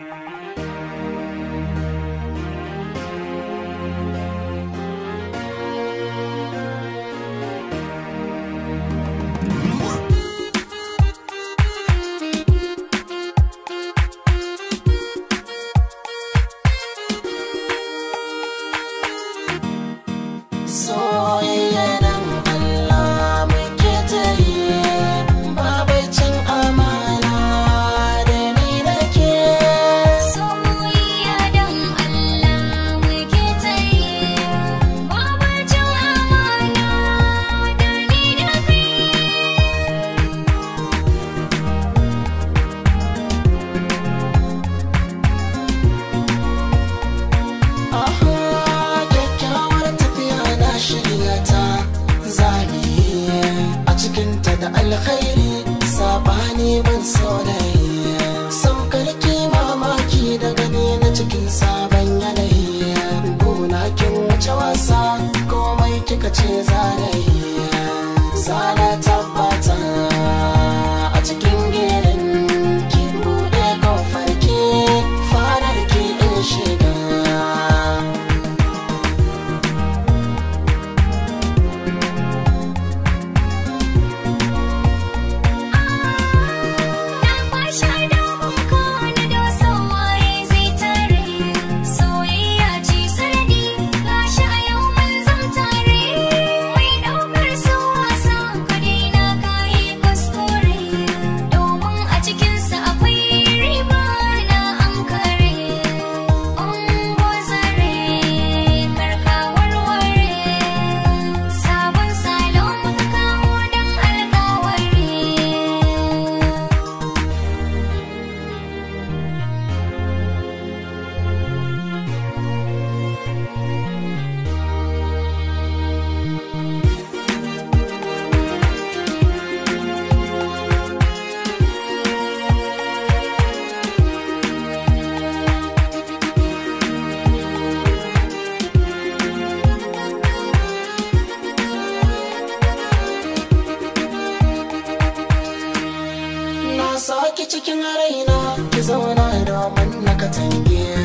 Thank you. alkhairi sabani ban saurayi saukar ki mamaki da gani na cikin sabon yanayi gona kin wuce wasa komai kika ce zarayi ki cikin raina ki zauna da mallaka tangiya